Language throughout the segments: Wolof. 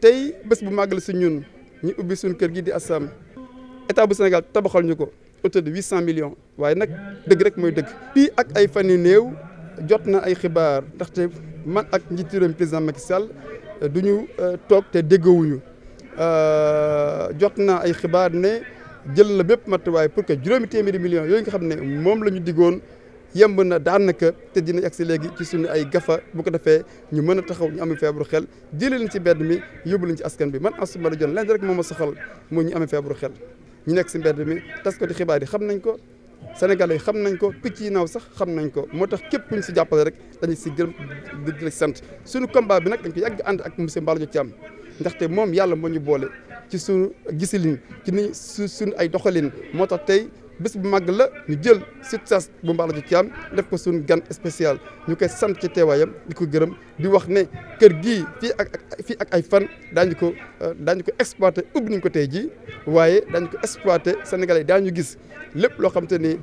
tey bés bu màgg la si ñun ñu ubbi suñu kër gi di Assam état bu Sénégal tabaxal ñu ko autour de huit cent millions waaye nag dëgg rek mooy dëgg. fii ak ay fan yu néew jot na ay xibaar ndaxte man ak njiitu président Macky Sall euh, du ñu euh, toog te déggoowuñu euh, jot na ay xibaar ne jël la bépp matuwaay pour que juróomi téeméeri millions yooyu nga xam ne moom la ñu diggoon. yemb na daanaka te dina agsi léegi ci suñu ay gafa bu ko defee ñu mën a taxaw ñu am feebaru xel jëlee leen ci mbedd mi yóbbu leen ci askan bi man Astou Mara Dione lenn rek moo ma soxal mooy ñu am feebaru xel ñu nekk si mbedd mi tas ko di xibaar yi xam nañ ko Sénégalais yi xam nañ ko picc yi naaw sax xam nañ ko moo tax képp ñu si jàppale rek dañu si gërëm di di sant suñu combat bi nag dañ ko yàgg ànd ak monsieur Mballo Thiam ndaxte moom yàlla moo ñu boole ci suñu gisilin ci ni suñu ay doxalin moo tax tey bés bu màgg la ñu jël Siteu bu mbax la Mbathio Thiam def ko suñu gan spécial ñu koy sant ci teewaayam ñu ko gërëm di wax ne kër gi fii ak fii ak ay fan daañu ko euh, daañu ko exploité ubbi nañu ko tey jii waaye daañu ko exploité Sénégalais daañu gis lépp loo xam te ni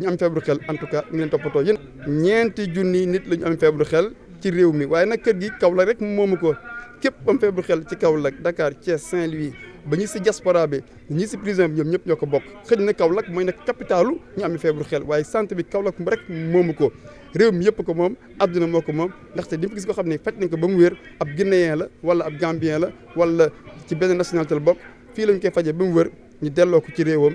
ñu am feebaru xel en tout cas ñu toppatoo yéen. ñeenti junni nit la ñu am feebaru xel ci réew mi waaye nag kër gi kaw la rek moomu ko. képp am feebu xel ci Kaolack Dakar Thiès Saint-Louis ba ñi si diaspora bi ñi si prison bi ñoom ñëpp ñoo ko bokk xëj na Kaolack mooy nag capitalu ñu amee feebu xel waaye santé bi Kaolack rek moomu ko réew mi yëpp ko moom adduna moo ko moom ndaxte di nga gis ko xam ne faj nañ ko ba mu wér ab Guinéen la wala ab Gambien la wala ci benn nationalité la bokk fii lañ koy fajee ba mu wér ñu delloo ko ci réewam.